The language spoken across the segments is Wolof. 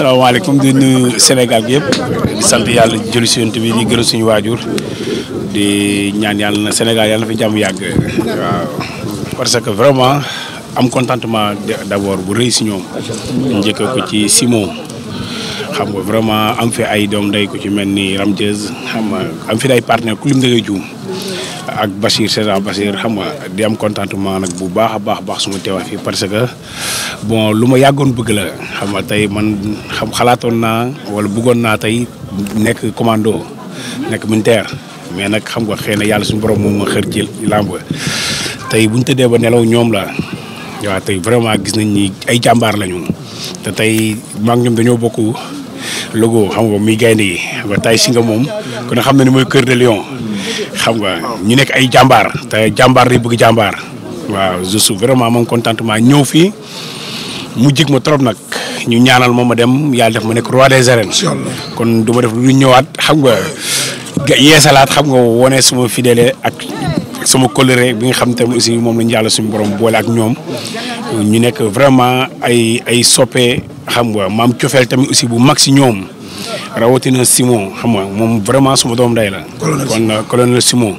salaamaaleykum di nu Sénégal bi yëpp di sant yàlla jëli suñu bi di gërëm suñu waajur di ñaan yàlla na Sénégal yàlla na fi jàmm yàgg. waaw parce que vraiment am contentement d'abord bu rëy si ñoom njëkkee ko ci simoom xam nga vraiment am fi ay doom day ku ci mel ni Ramdiez xam nga am fi ay partenaire ku lim da ngay juum ak Bachir Seydou Bachir xam nga di am contentement nag bu baax a baax baax suma teewaat fii parce que bon lu ma yàggoon bëgg la xam nga tey man xam xalaatoon naa wala buggoon naa tey nekk commando nekk militaire mais nag xam nga xëy na yàlla suñu borom moom ma xër ci làmb tey bu ñu tëddee ba nelaw ñoom la waaw tey vraiment gis nañ ni ay jàmbaar lañu te tey maa ngi logo xam nga muy gaynde yi xam nga si nga moom kon ne xam na ni mooy Cœur de Lion xam nga ñu nekk ay jàmbaar te jàmbaar day bëgg jàmbaar waaw je vraiment moom contentement ñëw fii mu jig ma trop nag ñu ñaanal moom ma dem yàlla def ma nekk roi des arènes kon du ma def lu ñëwaat xam nga yeesalaat xam nga wone suma fidele ak sama colère bi nga xam tamit aussi moom lañu yàlla suñu borom boole ak ñoom ñu nekk vraiment ay ay soppe xam nga maam cofeel tamit aussi bu mag si ñoom rawatina Simon xam nga moom vraiment suma doom day la. kon euh, colonel Simon.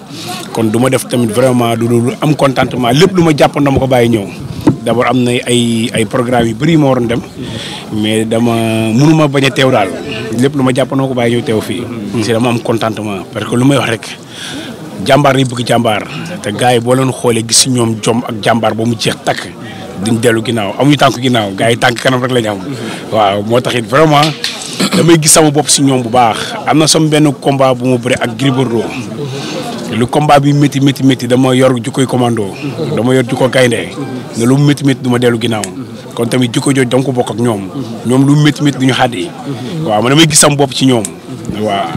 kon du ma def tamit vraiment du am contentement lépp lu ma jàppoon ko bàyyi ñëw. d'abord am na ay ay programme yu bëri yu waroon dem mais dama mënuma bañ a teew daal lépp lu ma jàpp noo ko baay ñëw teew fii. Mm-hmm. si dama am contentement parce que lu may wax rek jàmbaar yi bëgg jàmbaar te gars yi boo leen xoolee gis ñoom jom ak jàmbaar ba mu jeex takk duñ dellu am amuñu tànk ginnaaw gars yi tànk kanam rek lañ am. waaw moo tax it vraiment damay gis sama bopp si ñoom bu baax am na sama benn combat bu ma bëre ak Gris lu combat bi métti métti métti dama yor jukkoy commando dama yor jukko gaynde ne lu mu métti métti du ma dellu ginnaaw kon tamit jukko jooju dama ko bokk ak ñoom ñoom lu mu métti métti du ñu xàddi waaw man damay gis sama bopp ci ñoom waa